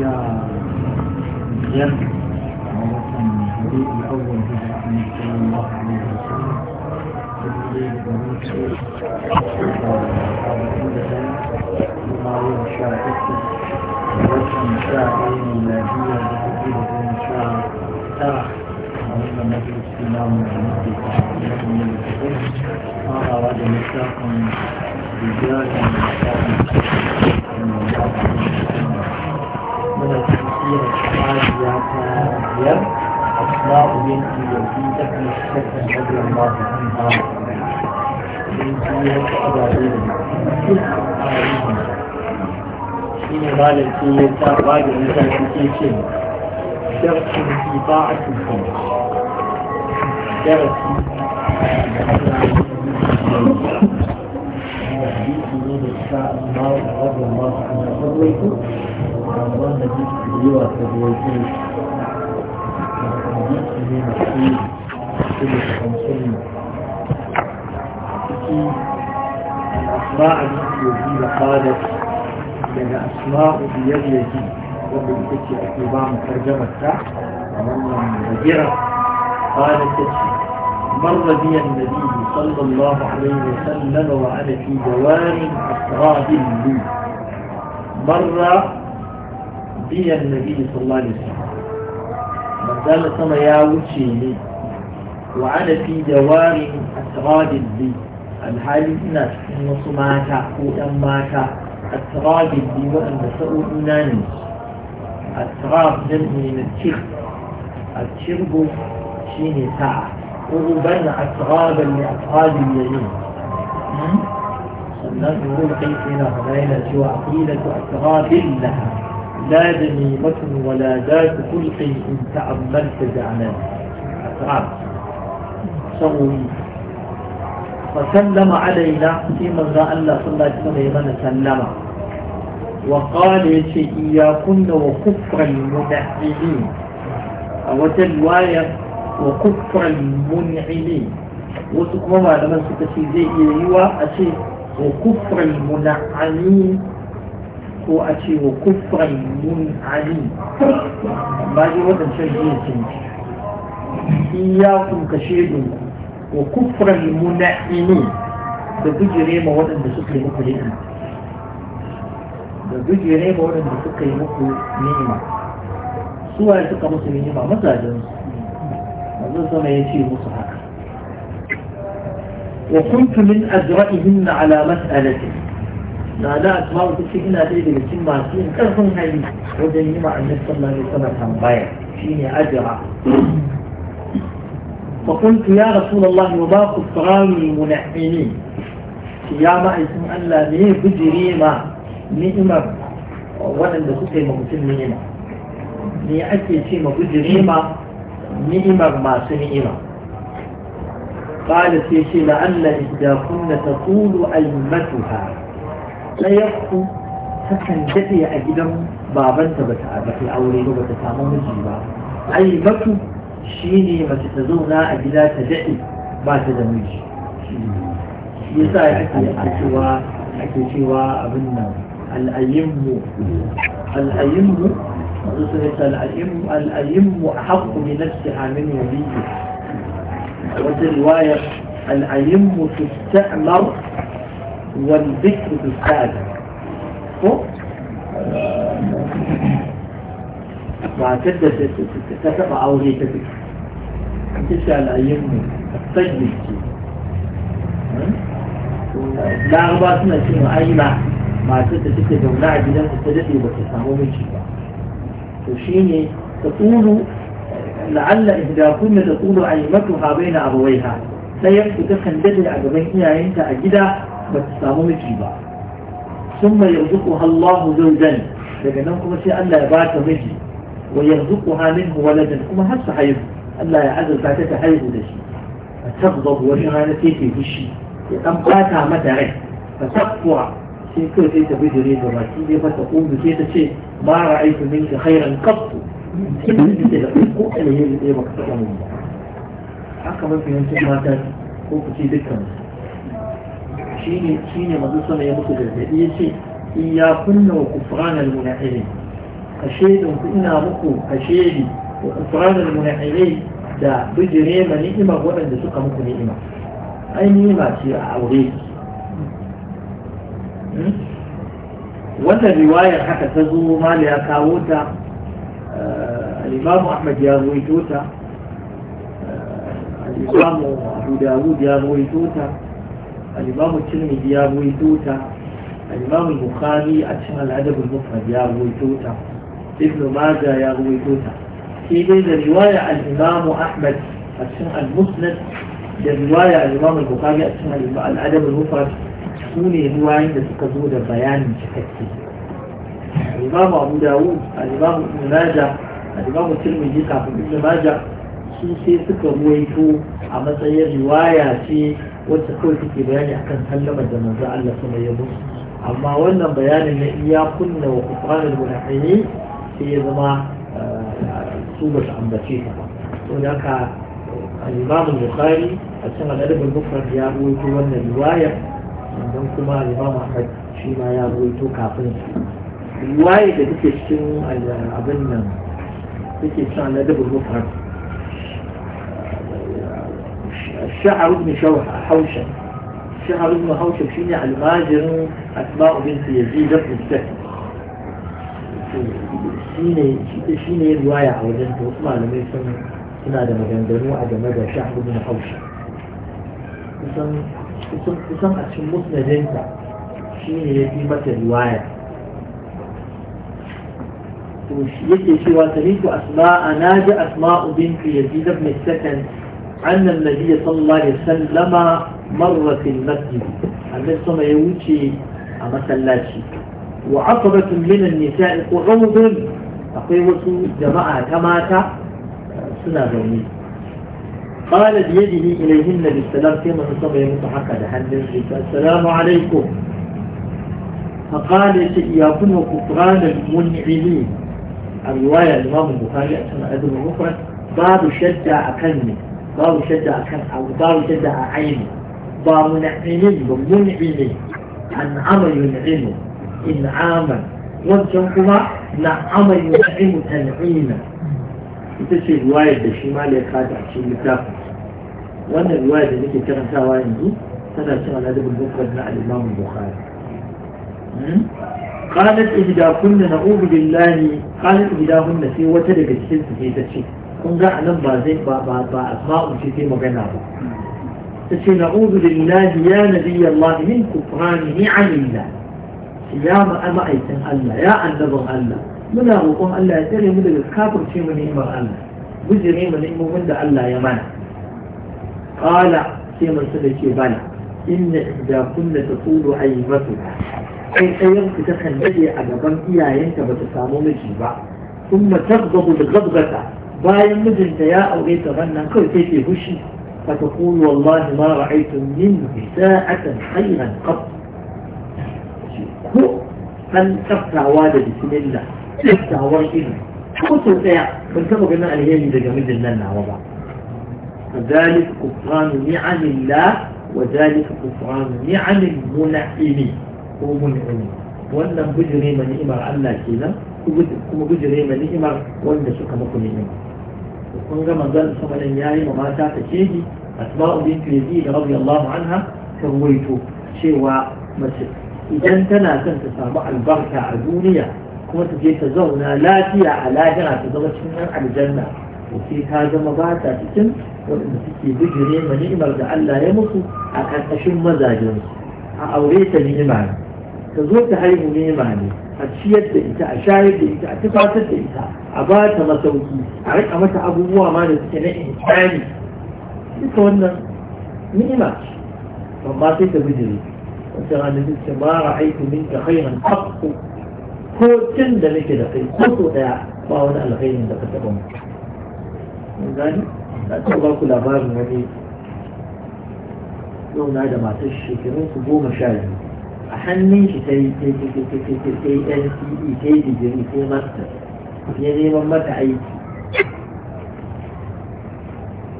يا زر وطن الحديث الأول هجرة صلى الله عليه وسلم تدريب ونسوي بما يغشى اسم وطن شاعرين الذي يجب أن شاء ترى وإن مجلس السلام والمسجد من الحديث ما أراد مشاقا رجالا ومشاقا من الله من التمثيل الشرعي يا أصلاء بنتي وفي تكن الشك رضي الله عنها بنتي وفي أبابيل في مبال التي يتابع في طاعتكم شرط في طاعتكم الله عنها وأراد جسده وتزوجه جسده نصيب كل خمسين أسماء يزيد قالت لأن أسماء بيد يزيد وبالتي أتباع ترجمة تحت ومن قالت تشي مر بي النبي صلى الله عليه وسلم وأنا في جوار أسراب لي مر إلى النبي صلى الله عليه وسلم من قال سما يا وجهي وعلى في دوار أسراد الدين الحال إن نصماتا وأماتا أسراد الدين وأن سؤولنا نسو التراب جمع من الترب الترب شين ساعة وغبن أترابا لأتراب اليمين سنة يقول قيسنا هنا سوى عقيلة أتراب لها لا نيمة ولا ذات خلق إن تأملت زعمان أتعب سوي فسلم علينا فيما مرضى الله صلى الله عليه وسلم سلم وقال إياكن وكفر المنعمين أو تلواية وكفر المنعمين وسكما لما سكتي زي إيوا أشي وكفر المنعمين ko a ce wa kufran mun ali amma dai waɗancan biyan sun ci iyakun kashe shedun wa kufran muna'ini da bujire ma waɗanda suka yi muku ni'ima da bujire ma waɗanda suka yi muku ni'ima ya suka musu ni'ima mazajen su wanzu sama ya ce musu haka Wa وكنت من أجرئهن على مسألتي فقلت يا رسول الله وما كفران المنعمين يا ما اسم الله لي بجري ما نعمة وانا اللي كنت مبتل نعمة ليه أكي شيء مبجري ما نعمة ما سنعمة قال سيشي لعل إذا كنت تقول ايمتها ɗayarku takan daɗe a gidan babanta ba ta aure ba ba ta samu miji ba ai batu shi ne mace ta zauna a gida ta daɗe ba ta da miji shi yasa ake cewa ake cewa abin nan al'ayyimmu al'ayyimmu masu sun ta al'ayyimmu al'ayyimmu a haƙƙu ne na su hamin waliyu wata riwayar al'ayyimmu su ta'amar والذكر تستأذن وهتبدأ تتفق أوغيتك تسأل أيهم الطيب لا أغبار سنة شنو أي ما ما تتفق دولة جدا مستدفي وتسامو من شبا وشيني تطول لعل إهداكم تطول عيمتها بين أبويها sai ya fita kan dade a بتسامو مجيبا ثم يرزقها الله زوجا لكن نقول شيء الله يبعث مجي ويرزقها منه ولدا وما هل صحيح الله يعزل بعثك حيث لشي فتغضب وشغال تيتي بشي يتم قاتها مدعي فتقوى شيء كل شيء تبيد يريد الرسيل فتقوم بشيء شيء ما رأيت منك خيرا قط كل شيء تلقيت قوة اللي هي مكتبه من الله حقا ما في ما تاتي قوة شيء ذكر shine shine manzo sama ya muku gargadi yace iyyakunna wa kufranal munahirin kashedin ku ina muku kashedi wa kufranal munahirin da bijire ma ni'ima waɗanda suka muku ni'ima ai ni'ima ce a aure wannan riwayar haka ta zo mali ya kawo ta al'imamu ahmad ya ruwaito ta al'imamu abu dawud ya ruwaito ta الإمام الترمذي يا أبوي توتا الإمام البخاري أشهر الأدب المفرد يا أبو توتا ابن ماجه يا أبو توتا في بين رواية الإمام أحمد أشهر المسند في رواية الإمام البخاري أشهر الأدب المفرد سوني رواية تكذود بيان شكتي الإمام أبو داود الإمام ابن ماجه الإمام الترمذي كافي ابن ماجه سوسي sai ويتو أما a رواية riwaya wacce kawai take bayani akan sallamar da manzo Allah sama ya musu amma wannan bayanin na iya kunna wa kufranul munafiqin sai ya zama eh, su ba su ambace ta ba to da ka al-Imam Bukhari a cikin al-Adab ya rawaito wannan riwaya sannan kuma al-Imam Ahmad shi ma ya rawaito kafin riwaya da take cikin eh, abin nan take cikin al-Adab al شعر ابن شوحة حوشا شعر ابن حوشا شنع الماجر أتباع بنت يزيد ابن الزكي شنع رواية على بنت وطمع لم يسمى هنا ده مجان دنوع ده مدى شعر ابن حوشا يسمى يسمى يسمى أتشم مصنع دنتا شنع يتيمة رواية يجي شوى تريد أسماء ناجي أسماء بنت يزيد ابن الزكي أن النبي صلى الله عليه وسلم مر في المسجد النبي صلى الله عليه وسلم يوشي أما سلاشي وعصبة من النساء قعود أقوى جماعة كما سنة زوني قال بيده إليهن بالسلام كما نصب يمتحق لحد السلام عليكم فقال إياكم وكفران المنعمين الرواية الإمام البخاري أسمع أدب المفرد باب شجع أكلمك باب شجع كرع أو باب شجع عين باب منعين ومنعين عن عمل ينعم إنعاما وانتم نعم ينعم تنعيما تسي رواية بشمال يقاد عشي لتاف وانا رواية لكي ترمتا وانا دي سنة سنة لدب المفرد مع الإمام البخاري قالت إذا كنا نعوذ بالله قالت إذا كنا في وتر بالسلس في تشيك kun ga anan ba zai ba ba ba asma'u ce sai magana ba tace da billahi ya nabiyyi Allah min ni anillah ya ma'aikin Allah ya annabin Allah muna roƙon Allah ya tsare mu daga kafirce mu ni'imar Allah gujire mu ni'imomin da Allah ya mana qala sai mun bana. In bana inna da kunna taqulu ayyatuha kai masu ku ta kan dade a gaban iyayenta ba ta samu miji ba kuma tagdabu da gabgata bayan mijinta ya aure ta rannan kawai sai ke hushi فتقول والله ما رأيت منه ساعة خيرا قط هو أن تفتع والد بسم الله تفتع والد قلت ساعة من كما قلنا الهيالي إذا جميل لنا وضع فذلك كفران نعم الله وذلك كفران نعم المنعمين ومنعمين wannan bujire ma ni'imar Allah kenan kuma bujire ma ni'imar wanda suka muku ni'ima kun ga manzon sama dan yayi ma mata ta keji asma'u bint yazid radiyallahu anha ta waito cewa mace idan tana son ta samu albarka a duniya kuma ta je ta zauna lafiya a lahira ta zama cikin aljanna sai ta zama ba ta cikin waɗanda suke bijire ma ni'imar da Allah ya musu a ƙarƙashin mazajen a aure ta ni'ima ta zo ta haihu ni'ima ne a ciyar da ita a shayar da ita a tufatar da ita a ba ta masauki a rika mata abubuwa ma da suke na ihsani duka wannan ni'ima ce amma sai ta bijire wata ranar duk ce ba ra'aitu minka khairan haqqu ko tun da nake da kai ko so daya ba wani alkhairin da ka taba mu mun gani na ta ba ku labarin wani yau na da matar shekarun su goma sha biyu a hannun shi ta yi ta yi ta yi ta yi ta yi ta yi ta yi ta yi ta yi ta yi ta yi ta yi ya neman mata aiki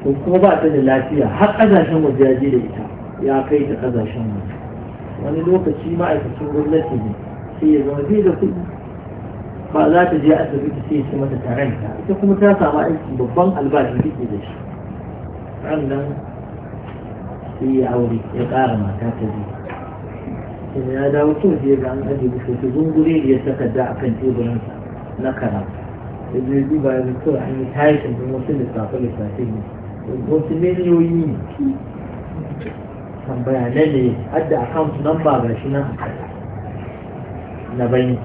to kuma ba ta da lafiya har ƙasashen waje ya je da ita ya kai ta ƙasashen waje wani lokaci ma'aikacin gwamnati ne sai ya zama zai da kuɗi ba za ta je asibiti sai ya ce mata taranta ita kuma ta samu aiki babban albashin take da shi ran nan sai ya aure ya ƙara mata ta biyu ya dawo kyau je ga an ajiye kusa zungure da ya saka da a kan teburinsa na karatu da zai ba ya zuwa an yi tashin don wasu da safi ne wasu miliyoyi ne tambaya na ne adda account number ga shi nan na banki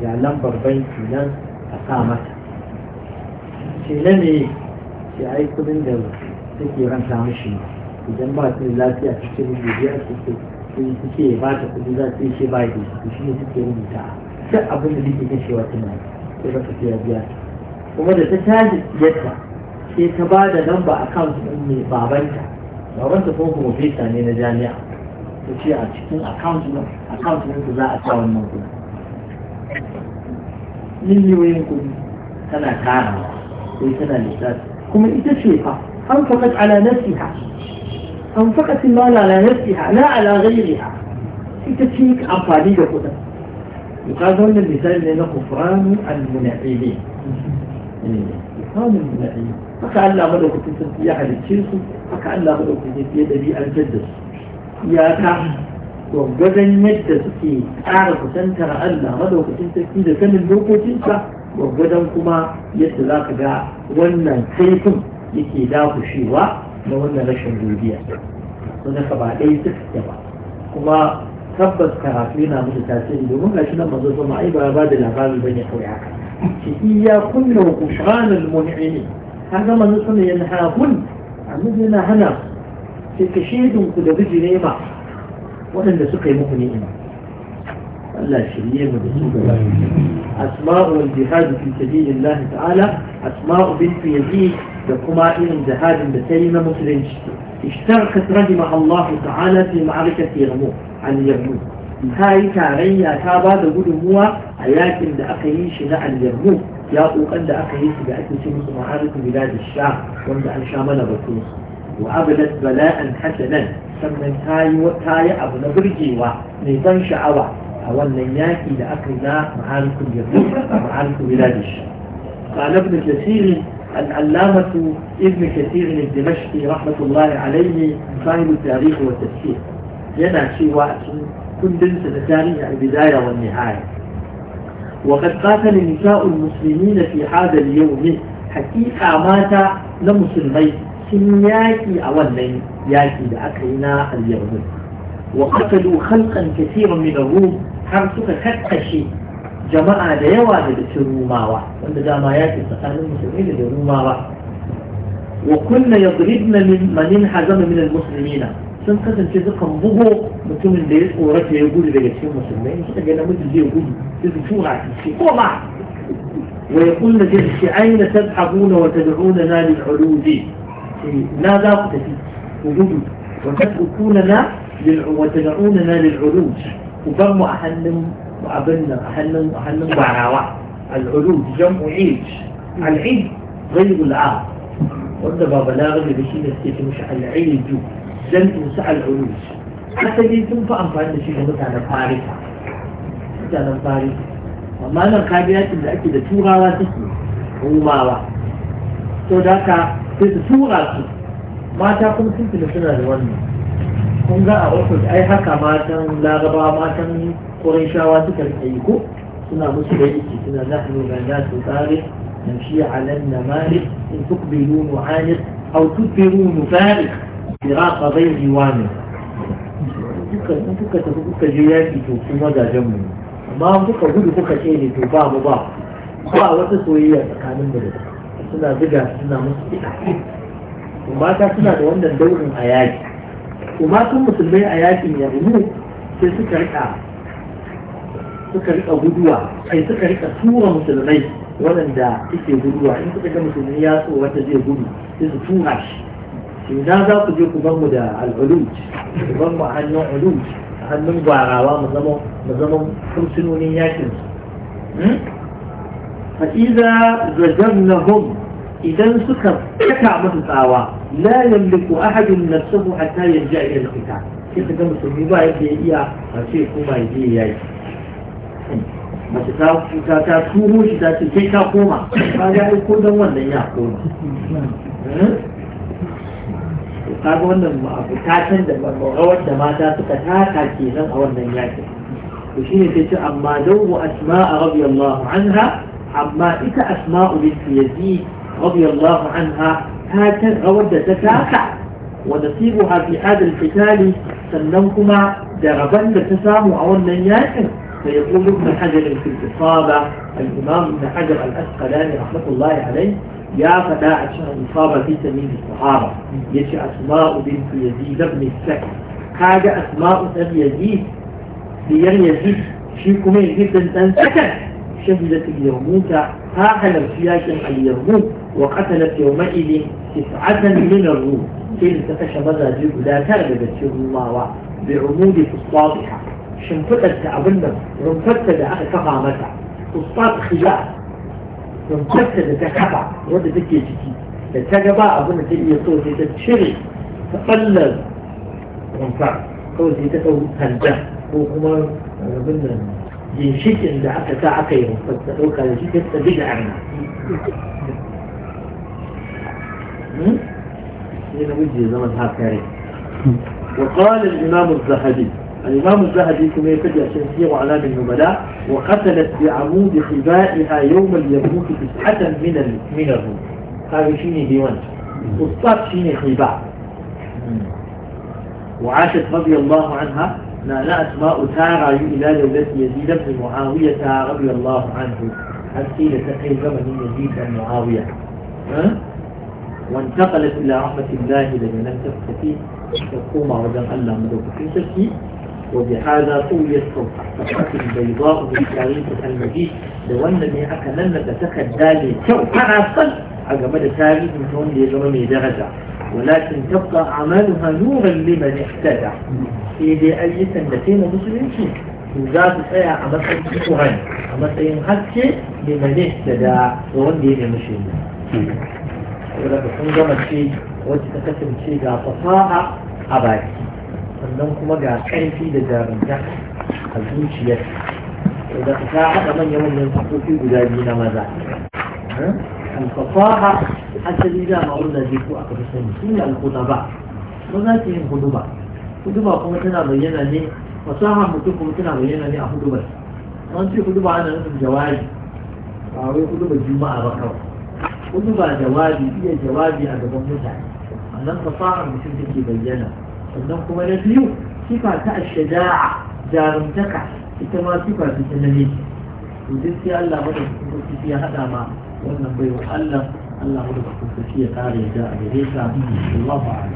ga lambar banki nan a sa mata ce na ne ce ai kudin da take ranta mishi idan ba su lafiya cikin rubutu ya suke ba ta kudi za su yi shi ba da shi ne suke rubuta duk abin da nake kashewa tana sai ba ta biya kuma da ta caji yadda sai ta ba da lamba account ɗin mai babanta babanta ko kuma fesa ne na jami'a ta ce a cikin account ɗin account ɗin za a sa wannan kuɗi wayin kuɗi tana tara sai tana lissafi kuma ita ce fa an fakat ala nafsiha an fakat mala ala nafsiha la ala ghayriha ita ce amfani da kuɗin يقال دول المثال لأنه غفران المناعبين غفران يعني المناعبين فكأن لا غلو كنت تنسى يا حد الشيخ فكأن لا غلو كنت تنسى يا دبي الجدس يا كعب وقدن يجدس كي أعرف سنترى أن لا غلو كنت تنسى إذا كان اللوكو تنسى وقدن كما يتلاقى وانا كيكم يكي داو شيوا وانا لشن دولبيا وانا فبعد أي تكتبا كما tabbas karatu yana musu tasiri domin gashi nan mazo sama ai ba ba da labari bane kawai haka ki iya kunna qushan al-mun'imi kaga manzo sama yana hakun annabi yana hana ki kashidun ku da biji ne ba wadanda suka yi muku ni'ima Allah shirye mu da su gaba asma'u al jihad fi sabilillah ta'ala asma'u bint yazid da kuma irin jihadin da ta yi na musulunci اشتركت رحمه الله تعالى في معركة يرموك al-yarmu ta yi tarayya ta ba da gudunmuwa a yakin da aka yi shi na al-yarmu ya kokan da aka yi shi da ake ce musu ma'arifin bilad sha wanda an sha mana batu wa ablat bala'an hasanan sannan ta yi ta yi abu na burgewa mai ban sha'awa a wannan yaki da aka yi na ma'arifin yarmu ma'arifin bilad sha قال ابن كثير العلامة ابن كثير الدمشقي رحمة الله عليه صاحب التاريخ والتفسير yana cewa cikin kundinsa tarihi a bidaya wa nihaya وقد قاتل نساء المسلمين في هذا اليوم حقيقة مات لمسلمين سنياكي أولا ياكي لأكلنا اليوم وقتلوا خلقا كثيرا من الروم حرسك كتشي جماعة ليوا للروماوة وأن داما ياكي سكان المسلمين للروماوة وكنا يضربن من انهزم من المسلمين sun kasance sukan bugo mutumin da ya tsorata ya gudu daga cikin musulmai suka ga namiji zai gudu sai su tura shi ko ma wa yaqulna sai su aina tadhabuna wa tad'unana lil uludi na za ku tafi ku gudu wa tad'unana lil wa tad'unana lil uludi ku bar mu a hannun abin nan a hannun a hannun barawa al uludi jam'u ij al ij ghayr al wanda ba balaga da shi ne suke ce mishi al ij jam'in su al'ulu asali sun fi amfani da shi ga mutanen farisa mutanen farisa amma nan kaga yakin da ake da turawa suke rumawa to da ka sai su tura su mata kuma sun tuna suna da wannan kun ga a ofis ai haka matan laraba matan ƙurayshawa suka rike yi ko suna musu da yake suna nahnu ga na su tsare نمشي على النمارق إن تقبلوا نعانق أو تدبروا نفارق firaqa bai wa ne. duka kuka tafi kuka je yaki to kun wajajen mu amma kuka gudu kuka ce ne to ba mu ba ba wata soyayya tsakanin da da suna ziga suna musu kiɗa mata suna da wannan daurin a yaki kuma sun musulmai a yakin rumu sai suka rika suka rika guduwa sai suka rika tura musulmai waɗanda suke guduwa in suka ga musulmi ya so wata zai gudu sai su tura shi لماذا تجيك ضم دا العلوج ضم عنو علوج هل من بعراوة مظلمه مظلمه كم سنوني ياكن فإذا زجرنهم إذا سكر كتع مثل لا يملك أحد نفسه حتى يرجع إلى القتاع كيف كما سمي ما يبدي إياه فشيء كما يبدي إياه ما تتعرف كتا تسوه شتا تتكا قوما فأنا أقول دوان لن يأقوم kaga wannan bukatan da rawar da mata suka taka kenan a wannan yakin to shine sai ce amma dawu asma'a radiyallahu anha amma ita asma'u bint yazid radiyallahu anha ta kan rawar da ta taka wa nasibuha fi hada al sannan kuma da rabon da ta samu a wannan yakin فيقول ابن حجر في الإصابة الإمام ابن حجر الأسقلاني رحمة الله عليه يا فتاة عشان مصابة في سبيل الصحابة يشي أسماء بنت يزيد بن السكن حاجة أسماء بن يزيد بيان يزيد شيء كمين جدا أن شهدت اليرموك ها هل سياجا اليرموك وقتلت يومئذ تسعة من الروم كيف تتشمل جيب لا تغلب الله بعمود فصاطحة شنفتت أبنى رنفتت أخي فقامتها فصاط فسطاط خلاف rumfarta da ta kafa wadda take ciki da ta gaba abin da ta iya so sai ta cire ta ɓallar rumfar kawai sai ta ɗau sanda ko kuma eh, abin nan ginshikin da aka sa aka yi rumfar ta ɗauka da shi ta tsabi da arna hmm? sai na wuce zama ta kare وقال الإمام الذهبي الإمام الزهدي كما يفجأ تنسير علام النبلاء وقتلت بعمود خبائها يوم اليبوك تسعة من الروم هذا شيني ديوان أستاذ شيني خباء وعاشت رضي الله عنها لا أسماء تارى إلى دولة يزيد بن معاوية رضي الله عنه قيل تقي زمن يزيد بن معاوية وانتقلت إلى رحمة الله لجنة تفتي تقوم وجمع الله مدوك في وبهذا طويت صفحة البيضاء بالتاريخ المجيد لو أنني من أكلم تتكدى لكو أنا أصل أجمد تاريخ من هون لزمن درجة ولكن تبقى أعمالها نورا لمن اهتدى إذا أي سنتين مسلمين ذات الآية عمل القرآن عمل أي لمن اهتدى وون دي ولكن عندما شيء وجدت تكتب شيء لا تطاع أباكي sannan kuma ga ƙarfi da jarumta a zuciyar da ta haɗa manyan wannan sakofi guda biyu na maza alfafaha asali da ma'aunar da ko aka fi sani shi ne alkuɗaba maza ke yin huduba huduba kuma tana bayyana ne fasaha mutum kuma tana bayyana ne a hudubar an ce huduba ana nufin jawabi ba wai huduba juma'a ba kawai huduba jawabi iya jawabi a gaban mutane annan fasahar mutum take bayyana النقوة نبيو سفا تاء الشجاعة جارم تكع إتما سفا تتنميك وزدت يا الله بدأت تكون فيها هذا ما وأنا بيو الله الله بدأت تكون فيها تاري جاء بريسا الله أعلم